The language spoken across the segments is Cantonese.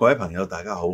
各位朋友，大家好！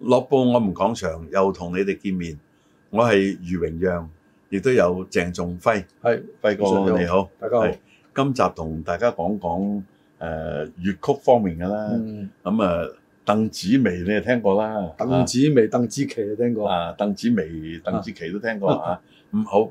樂報我們講場又同你哋見面，我係余榮陽，亦都有鄭仲輝，係輝哥你好，大家好。今集同大家講講誒粵曲方面嘅啦。咁啊，鄧紫薇你聽過啦，鄧紫薇、鄧紫棋你聽過啊？鄧紫薇、鄧紫棋都聽過嚇。咁好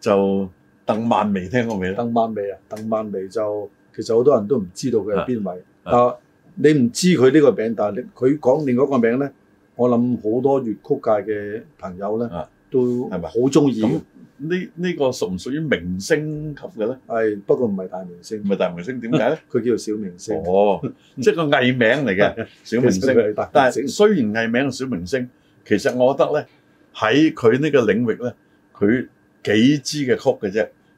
就鄧曼薇聽過未？鄧曼薇啊，鄧曼薇就其實好多人都唔知道佢係邊位，但係，你唔知佢呢個名，但係佢講另外一個名咧，我諗好多粵曲界嘅朋友咧，都係咪好中意？呢呢、這個屬唔屬於明星級嘅咧？係，不過唔係大明星。唔係大明星點解咧？佢 叫做小明星。哦， 即係個藝名嚟嘅小明星。 明星，但係雖然藝名係小明星，其實我覺得咧，喺佢呢個領域咧，佢幾支嘅曲嘅啫。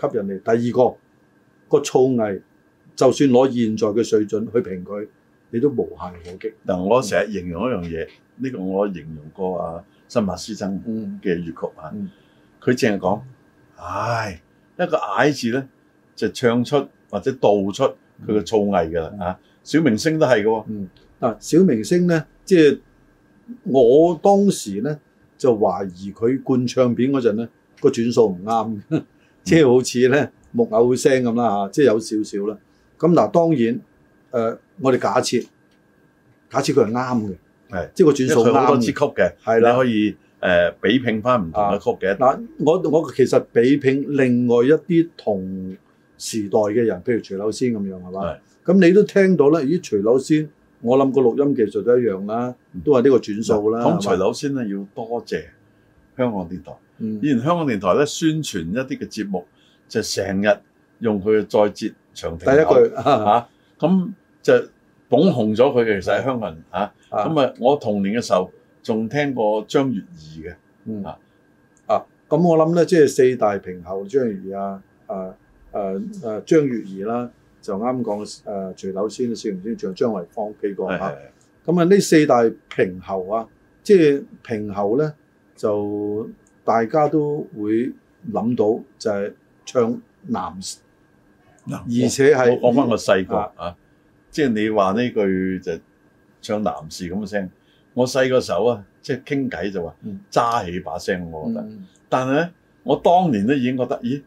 吸引你。第二個、那個造詣，就算攞現在嘅水準去評佢，你都無懈可擊。嗱，我成日形容一樣嘢，呢、嗯這個我形容過啊，新馬師曾嘅粵曲、嗯、啊，佢淨係講，唉，一個矮字咧，就唱出或者道出佢嘅造詣㗎啦。小明星都係㗎喎。嗱、嗯，小明星咧，即、就、係、是、我當時咧就懷疑佢灌唱片嗰陣咧個轉數唔啱。即係好似咧木偶聲咁啦，吓，即係有少少啦。咁嗱，當然，誒、呃、我哋假設假設佢係啱嘅，係即係個轉數好多支曲嘅，係啦，你可以誒、呃、比拼翻唔同嘅曲嘅。嗱、啊、我我其實比拼另外一啲同時代嘅人，譬如徐柳仙咁樣係嘛？咁你都聽到呢，咦徐柳仙，我諗個錄音技術都一樣啦，都係呢個轉數啦。咁徐柳仙咧要多謝香港電台。以前香港電台咧宣傳一啲嘅節目，就成日用佢嘅再折長亭。第一句嚇咁、啊、就捧紅咗佢嘅，其實係香港人嚇咁啊，啊，啊！我童年嘅時候仲聽過張月兒嘅啊啊！咁、啊、我諗咧，即、就、係、是、四大平喉張月兒啊啊啊啊張月兒啦，就啱講誒徐柳仙，識唔識？仲有張惠芳幾個啊？咁啊，呢四大平喉啊，即、就、係、是、平喉咧就。大家都會諗到，就係唱男士，而且係講返個細個啊，即、就、係、是、你話呢句就唱男士咁嘅聲。我細個時候啊，即係傾偈就話、是、揸、嗯、起把聲，我覺得。嗯、但係咧，我當年都已經覺得，咦，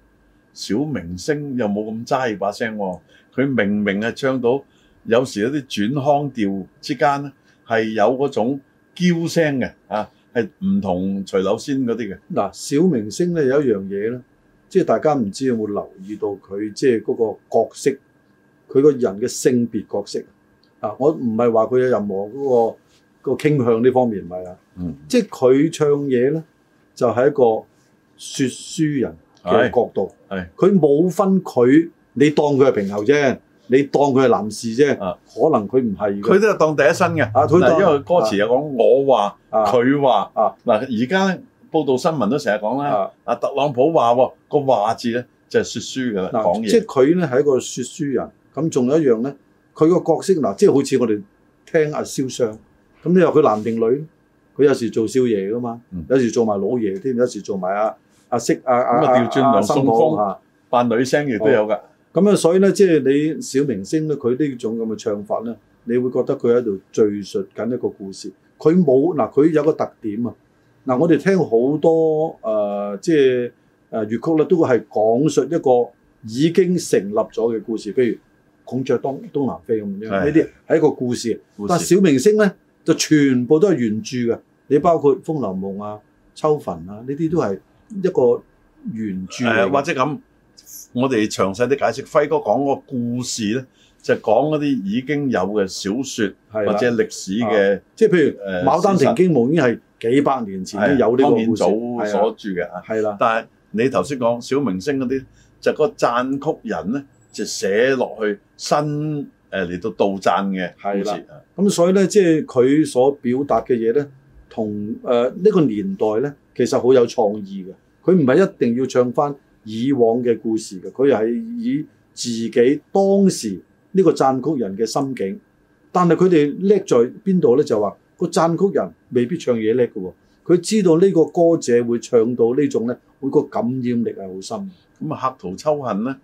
小明星又冇咁揸起把聲喎、啊。佢明明係唱到，有時有啲轉腔調之間咧，係有嗰種嬌聲嘅啊。係唔同徐柳仙嗰啲嘅嗱，小明星咧有一樣嘢咧，即係大家唔知有冇留意到佢即係嗰個角色，佢個人嘅性別角色啊。我唔係話佢有任何嗰個個傾向呢方面，唔係啊，即係佢唱嘢咧就係一個説書人嘅角度，佢冇分佢，你當佢係平喉啫。你當佢係男士啫、啊，可能佢唔係。佢都係當第一身嘅。啊，佢因為歌詞又講我話，佢、啊、話啊嗱，而家報道新聞都成日講啦。啊，特朗普話個、哦、話字咧就係説書噶啦，講嘢、啊。即係佢咧係一個説書人。咁仲有一樣咧，佢個角色嗱，即係好似我哋聽阿蕭尚。咁你話佢男定女？佢有時做少爺噶嘛，有時做埋老爺添，有時做埋阿阿息啊咁調轉嚟講、扮女聲亦都有噶。咁啊，所以咧，即、就、係、是、你小明星咧，佢呢種咁嘅唱法咧，你會覺得佢喺度敍述緊一個故事。佢冇嗱，佢有個特點、嗯、啊。嗱，我哋聽好多誒，即係誒粵曲咧，都係講述一個已經成立咗嘅故事。譬如孔雀東，東南飛咁樣，呢啲係一個故事，故事。但小明星咧，就全部都係原著嘅。你包括《風流夢》啊，《秋墳》啊，呢啲都係一個原著、哎、或者咁。我哋詳細啲解釋，輝哥講個故事咧，就講嗰啲已經有嘅小説或者歷史嘅、啊，即係譬如誒《牡、呃、丹亭經夢》已經係幾百年前都有呢個故事，係啊。但係你頭先講小明星嗰啲，就係、個讚曲人咧就寫落去新誒嚟到道讚嘅，係啦。咁、嗯嗯嗯、所以咧，即係佢所表達嘅嘢咧，同誒呢、呃呢個年代咧，其實好有創意嘅。佢唔係一定要唱翻。以往嘅故事嘅，佢又係以自己當時呢個讚曲人嘅心境，但係佢哋叻在邊度咧？就話個讚曲人未必唱嘢叻嘅喎，佢知道呢個歌者會唱到呢種咧，佢嗰個感染力係好深。咁啊，客途秋恨咧，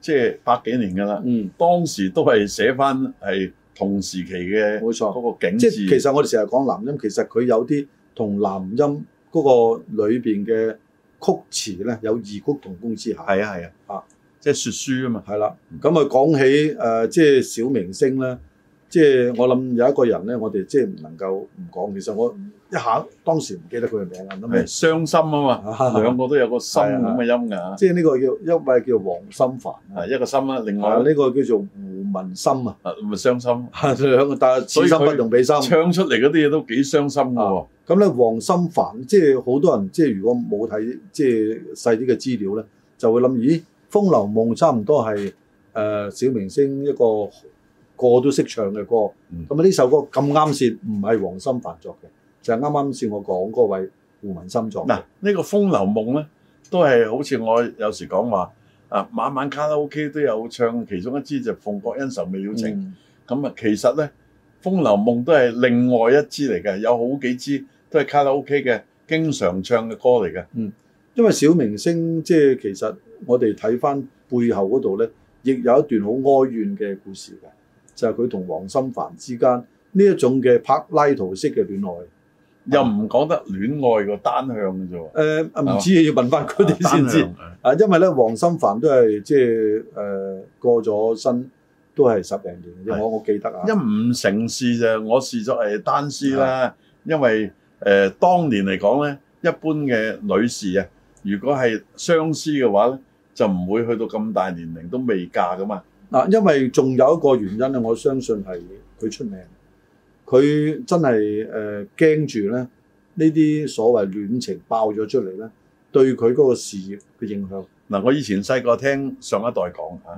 即係百幾年㗎啦。嗯，當時都係寫返係同時期嘅。冇錯，嗰個景緻。即係其實我哋成日講南音，其實佢有啲同南音嗰個裏邊嘅。曲詞咧有異曲同工之下，係啊，係啊，啊，即係説書嘛，係啊嘛係啦。咁啊，講起誒、呃、即係小明星咧，即係我諗有一個人咧，我哋即係唔能夠唔講。其實我一下當時唔記得佢嘅名啦，因為傷心嘛啊嘛，兩個都有個心咁嘅、啊啊、音㗎。即係呢個叫一位叫黃心凡，係、啊、一個心啦。另外呢個，啊這個叫做胡文心啊，唔係傷心。啊、兩個但係此心不用比心，唱出嚟嗰啲嘢都幾傷心㗎喎、啊。啊咁咧，王心帆即係好多人，即係如果冇睇即係細啲嘅資料咧，就會諗咦，《風流夢》差唔多係誒、呃、小明星一個個都識唱嘅歌。咁、嗯、啊，呢首歌咁啱先唔係王心帆作嘅，就係啱啱先我講嗰位胡文心作。嗱，呢、呢個《風流夢》咧都係好似我有時講話啊，晚晚卡拉 OK 都有唱其中一支就《鳳閣恩仇未了情》嗯。咁、嗯、啊，其實咧《風流夢》都係另外一支嚟嘅，有好幾支。都係卡拉 O.K. 嘅，經常唱嘅歌嚟嘅，嗯。因為小明星即係其實我哋睇翻背後嗰度咧，亦有一段好哀怨嘅故事嘅，就係佢同王心帆之間呢一種嘅柏拉圖式嘅戀愛，啊、又唔講得戀愛個單向嘅啫喎。誒、啊、唔、呃、知道要問翻佢哋先知，啊，因為咧王心帆都係即係誒、呃、過咗身，都係十零年，有冇、啊、我記得啊？一唔成事就我試咗係單思啦，因為。誒當年嚟講咧，一般嘅女士啊，如果係相思嘅話咧，就唔會去到咁大年齡都未嫁㗎嘛。嗱，因為仲有一個原因咧，我相信係佢出名，佢真係誒驚住咧呢啲所謂戀情爆咗出嚟咧，對佢嗰個事業嘅影響。嗱，我以前細個聽上一代講吓，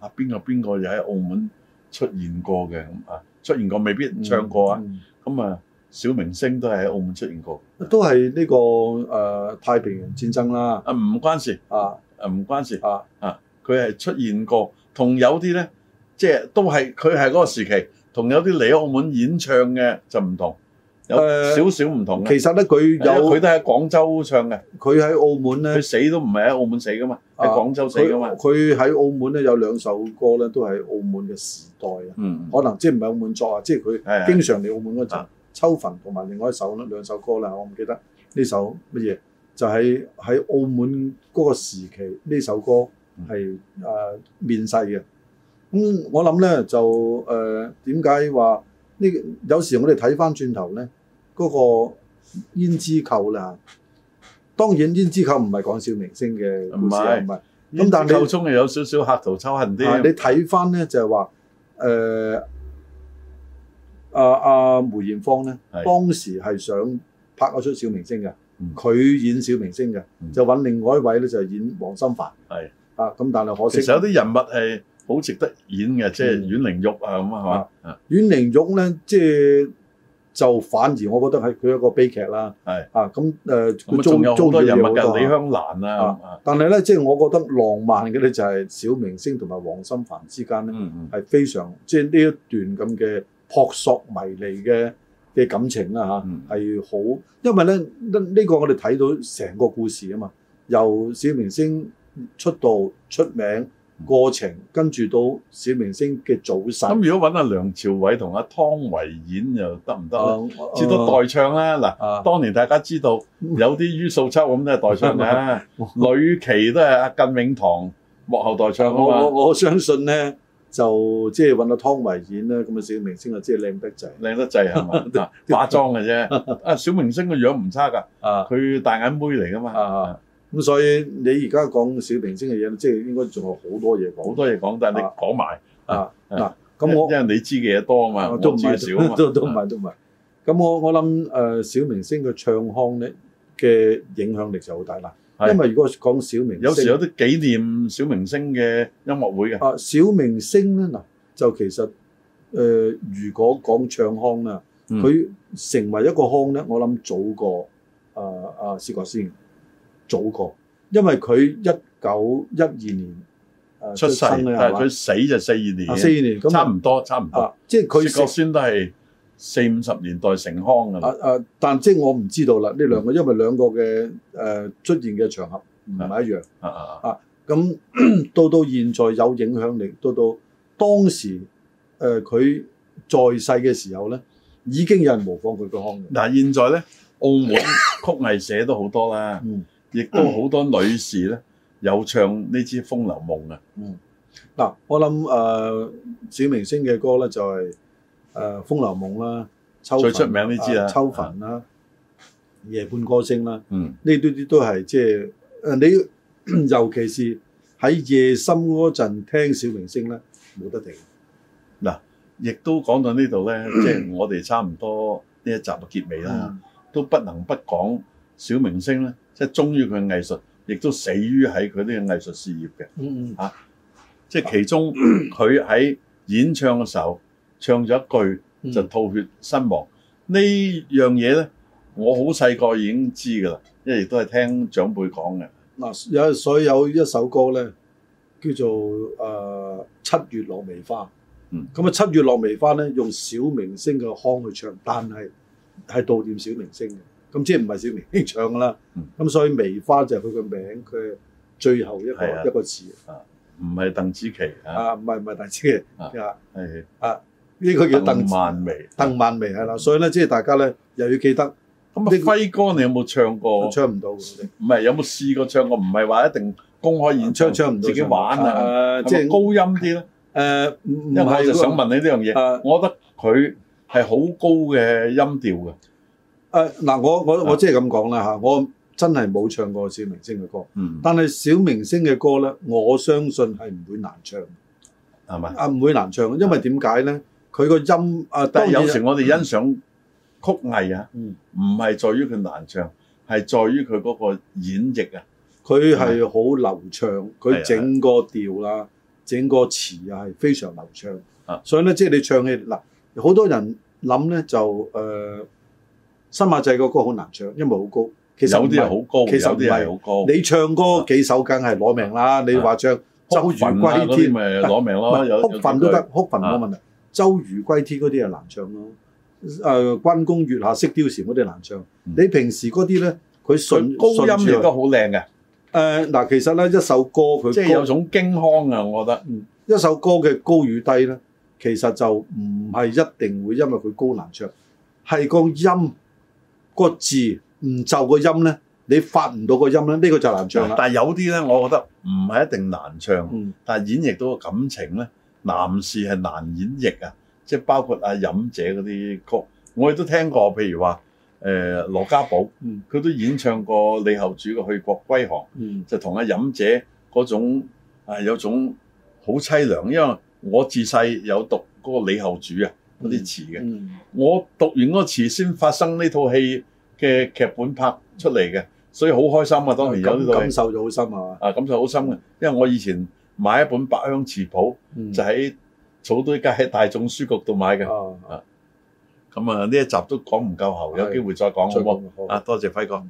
啊邊個邊個又喺澳門出現過嘅咁啊？出現過未必唱過啊，咁啊。小明星都係喺澳門出現過，都係呢、呢個誒、呃、太平洋戰爭啦。啊唔關事啊，誒唔關事啊啊，佢係出現過，同有啲咧，即、就、係、係、都係佢係嗰個時期，同有啲嚟澳門演唱嘅就唔同，有少少唔同、呃、其實咧，佢有佢都喺廣州唱嘅，佢喺澳門咧，佢死都唔係喺澳門死噶嘛，喺廣州死噶嘛。佢、啊、喺澳門咧有兩首歌咧都係澳門嘅時代啊、嗯，可能即係唔係澳門作他澳門啊，即係佢經常嚟澳門嗰陣。秋墳同埋另外一首兩首歌啦，我唔記得呢首乜嘢，就喺、係、喺澳門嗰個時期呢首歌係誒、呃、面世嘅。咁我諗咧就誒點解話呢？有時我哋睇翻轉頭咧，嗰、嗰個胭脂扣啦，當然胭脂扣唔係講笑明星嘅故事，唔係唔係咁，但係你有少少客途秋恨啊。唔係，咁但係你睇翻咧就係話誒。呃啊啊梅艷芳咧，當時係想拍一出小明星嘅，佢、嗯、演小明星嘅、嗯，就揾另外一位咧就係演王心帆。係啊，咁但係可惜。其實有啲人物係好值得演嘅、嗯，即係阮玲玉啊咁啊，係嘛、啊、阮玲玉咧，即係就反而我覺得係佢一個悲劇啦。係啊，咁、嗯、誒，佢中中意嘅李香蘭啦、啊啊啊。但係咧，即係我覺得浪漫嘅咧就係小明星同埋王心帆之間咧，係、嗯嗯、非常即係呢一段咁嘅。撲朔迷離嘅嘅感情啦嚇、係好，因為咧呢呢、這個我哋睇到成個故事啊嘛，由小明星出道出名過程，嗯、跟住到小明星嘅早逝。咁、嗯嗯、如果揾阿梁朝偉同阿湯唯演又得唔得？最、啊、到代唱呢、啊？嗱、啊啊，當年大家知道有啲於素秋咁都係代唱嘅、啊，呂、嗯嗯嗯、奇都係阿靳永堂幕後代唱、啊、我我我相信咧。就即係揾個湯唯演啦，咁啊小明星啊即係靚得滯，靚得滯係嘛？化妝嘅啫，啊 而 小明星個樣唔差㗎，啊佢大眼妹嚟㗎嘛，咁、啊啊啊、所以你而家講小明星嘅嘢，即、就、係、是、應該仲有好多嘢講，好多嘢講，但係你講埋啊嗱，咁、啊啊啊啊啊、我因為你知嘅嘢多啊嘛，都唔少嘛，都都唔係都唔係。咁、啊、我我諗誒、呃、小明星嘅唱腔咧嘅影響力就好大啦。因為如果講小明星，有時有啲紀念小明星嘅音樂會嘅。啊，小明星咧嗱，就其實誒，如果講唱腔啊，佢成為一個腔咧，我諗早過啊啊薛覺先，早過，因為佢一九一二年出生，但係佢死就四二年，差唔多差唔多。即係薛覺先都係。四五十年代成腔噶嘛？啊啊！但即係我唔知道啦，呢兩個、嗯、因為兩個嘅誒、呃、出現嘅場合唔係一樣。啊咁到、啊嗯、到現在有影響力，到到當時誒佢、呃、在世嘅時候咧，已經有人模仿佢個腔。嗱，現在咧澳門曲藝社都好多啦，亦、嗯、都好多女士咧、嗯、有唱呢支《風流夢》嘅。嗯。嗱、啊，我諗誒、呃、小明星嘅歌咧就係、是。誒《風流夢》啦，《秋》最出名呢支啊，《秋墳》啦，《夜半歌聲》啦，呢啲啲都係即係誒你，尤其是喺夜深嗰陣聽小明星咧，冇得停。嗱，亦都講到呢度咧，即係我哋差唔多呢一集嘅結尾啦，都不能不講小明星咧，即係忠於佢嘅藝術，亦都死於喺佢呢個藝術事業嘅。嗯嗯。嚇，即係其中佢喺演唱嘅時候。唱咗一句就吐血身亡、嗯、呢樣嘢咧，我好細個已經知㗎啦，因為亦都係聽長輩講嘅。嗱、啊、有所以有一首歌咧，叫做《七月落梅花》。嗯，咁啊，《七月落梅花》咧、嗯、用小明星嘅腔去唱，但係係悼念小明星嘅。咁即係唔係小明星唱㗎啦。咁、嗯、所以梅花就係佢嘅名，佢最後一個、啊、一個字。啊，唔係鄧紫棋啊，唔係唔係鄧紫棋啊。啊。呢、這個叫鄧曼薇，鄧曼薇係啦，所以咧，即係大家咧，又要記得咁啊！輝哥，你有冇唱過？唱唔到，唔係有冇試過唱過？唔係話一定公開演唱公開演唱唔到唱，自己玩啊！即係高音啲咧，誒、呃，因為我就想問你呢樣嘢，我覺得佢係好高嘅音調嘅。誒、呃、嗱、呃，我我我即係咁講啦嚇，我真係冇唱過小明星嘅歌，嗯、但係小明星嘅歌咧，我相信係唔會難唱，係咪？啊，唔會難唱，因為點解咧？佢個音啊，但有時我哋欣賞曲藝啊，唔、嗯、係在於佢難唱，係在於佢嗰個演繹啊。佢係好流暢，佢整個調啦，整個詞啊係非常流暢。所以咧，即、就、係、是、你唱起，嗱，好多人諗咧就誒、呃，新馬仔個歌好難唱，因為好高。其實有啲係好高，其實有啲係好高。你唱歌幾首梗係攞命啦！你話唱，周瑜、啊、歸天咪攞命咯，哭墳都得，哭墳冇問周瑜歸天嗰啲係難唱咯，誒、呃、關公月下識貂蟬嗰啲難唱、嗯。你平時嗰啲咧，佢純高音亦都好靚嘅。誒、呃、嗱，其實咧一首歌佢即係有一種驚腔啊！我覺得、嗯、一首歌嘅高與低咧，其實就唔係一定會因為佢高難唱，係個音、個字唔就個音咧，你發唔到個音咧，呢、呢個就難唱啦。但係有啲咧，我覺得唔係一定難唱，嗯、但係演繹到個感情咧。男士係難演繹啊，即包括阿、啊、飲姐嗰啲曲，我亦都聽過。譬如話，誒、呃、羅家寶，佢都演唱過李後主嘅《去國歸降》，嗯、就同阿、啊、飲姐嗰種有種好凄涼。因為我自細有讀嗰個李後主啊嗰啲詞嘅，我讀完個個詞先發生呢套戲嘅劇本拍出嚟嘅，所以好開心時啊！當然有呢感受咗好深啊，啊感受好深嘅，因為我以前。買一本《百香詞譜》，嗯、就喺草堆街喺大眾書局度買嘅。啊，咁啊，呢、啊啊、一集都講唔夠喉，有機會再講好冇？啊，多謝輝哥。